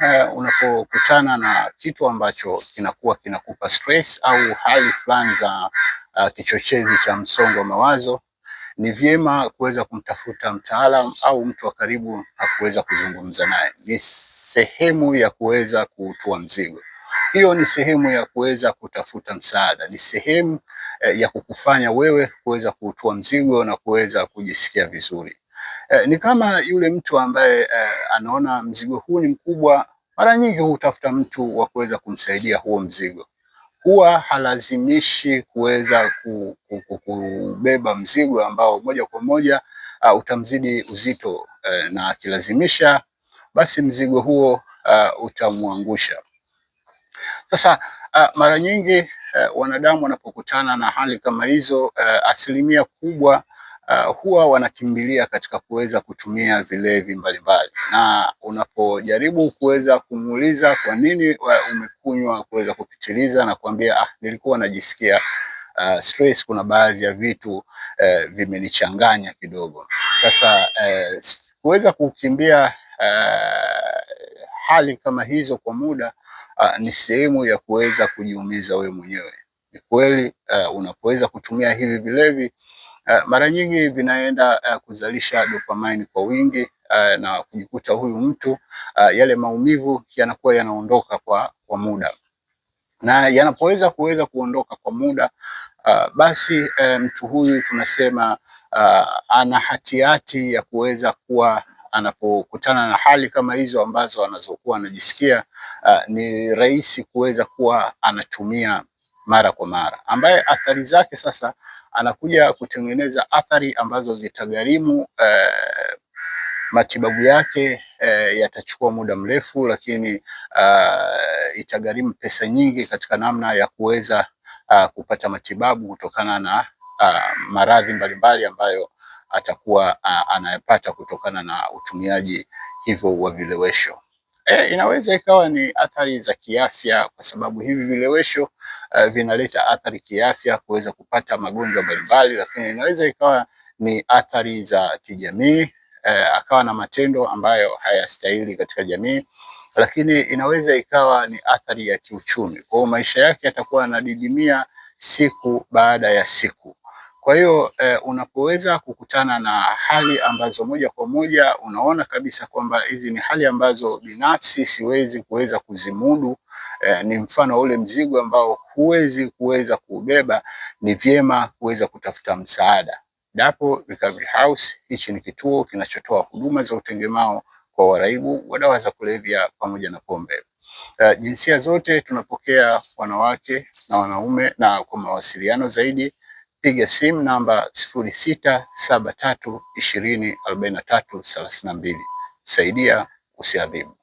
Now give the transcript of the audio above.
eh, unapokutana na kitu ambacho kinakuwa kinakupa stress au hali fulani za uh, kichochezi cha msongo wa mawazo, ni vyema kuweza kumtafuta mtaalam au mtu wa karibu na kuweza kuzungumza naye. Ni sehemu ya kuweza kuutua mzigo, hiyo ni sehemu ya kuweza kutafuta msaada, ni sehemu eh, ya kukufanya wewe kuweza kuutua mzigo na kuweza kujisikia vizuri. Eh, ni kama yule mtu ambaye eh, anaona mzigo huu ni mkubwa, mara nyingi hutafuta mtu wa kuweza kumsaidia huo mzigo. Huwa halazimishi kuweza kubeba mzigo ambao moja kwa moja uh, utamzidi uzito uh, na akilazimisha basi mzigo huo uh, utamwangusha. Sasa uh, mara nyingi uh, wanadamu wanapokutana na hali kama hizo uh, asilimia kubwa uh, huwa wanakimbilia katika kuweza kutumia vilevi mbalimbali, na unapojaribu kuweza kumuuliza kwa nini umekunywa kuweza kupitiliza, na kuambia ah, nilikuwa najisikia Uh, stress, kuna baadhi ya vitu uh, vimenichanganya kidogo. Sasa uh, kuweza kukimbia uh, hali kama hizo kwa muda uh, ni sehemu ya kuweza kujiumiza wewe mwenyewe. Ni kweli uh, unapoweza kutumia hivi vilevi Eh, mara nyingi vinaenda eh, kuzalisha dopamine kwa wingi eh, na kujikuta huyu mtu yale maumivu yanakuwa yanaondoka kwa kwa muda, na yanapoweza kuweza kuondoka kwa muda basi mtu huyu tunasema ana hatihati ya kuweza kuwa anapokutana na hali kama hizo ambazo anazokuwa anajisikia, ni rahisi kuweza kuwa anatumia mara kwa mara, ambaye athari zake sasa anakuja kutengeneza athari ambazo zitagharimu eh, matibabu yake eh, yatachukua muda mrefu, lakini eh, itagharimu pesa nyingi katika namna ya kuweza eh, kupata matibabu kutokana na eh, maradhi mbalimbali ambayo atakuwa eh, anayepata kutokana na utumiaji hivyo wa vilewesho. Eh, inaweza ikawa ni athari za kiafya, kwa sababu hivi vilewesho eh, vinaleta athari kiafya, kuweza kupata magonjwa mbalimbali, lakini inaweza ikawa ni athari za kijamii eh, akawa na matendo ambayo hayastahili katika jamii, lakini inaweza ikawa ni athari ya kiuchumi. Kwa hiyo maisha yake yatakuwa yanadidimia siku baada ya siku. Kwa hiyo eh, unapoweza kukutana na hali ambazo moja kwa moja unaona kabisa kwamba hizi ni hali ambazo binafsi siwezi kuweza kuzimudu eh, ni mfano wa ule mzigo ambao huwezi kuweza kuubeba, ni vyema kuweza kutafuta msaada. Dapo Recovery House, hichi ni kituo kinachotoa huduma za utengemao kwa waraibu wa dawa za kulevya pamoja na pombe. Uh, jinsia zote tunapokea wanawake na wanaume, na kwa mawasiliano zaidi piga simu namba sifuri sita saba tatu ishirini arobaini na tatu mbili. Saidia, usiadhibu.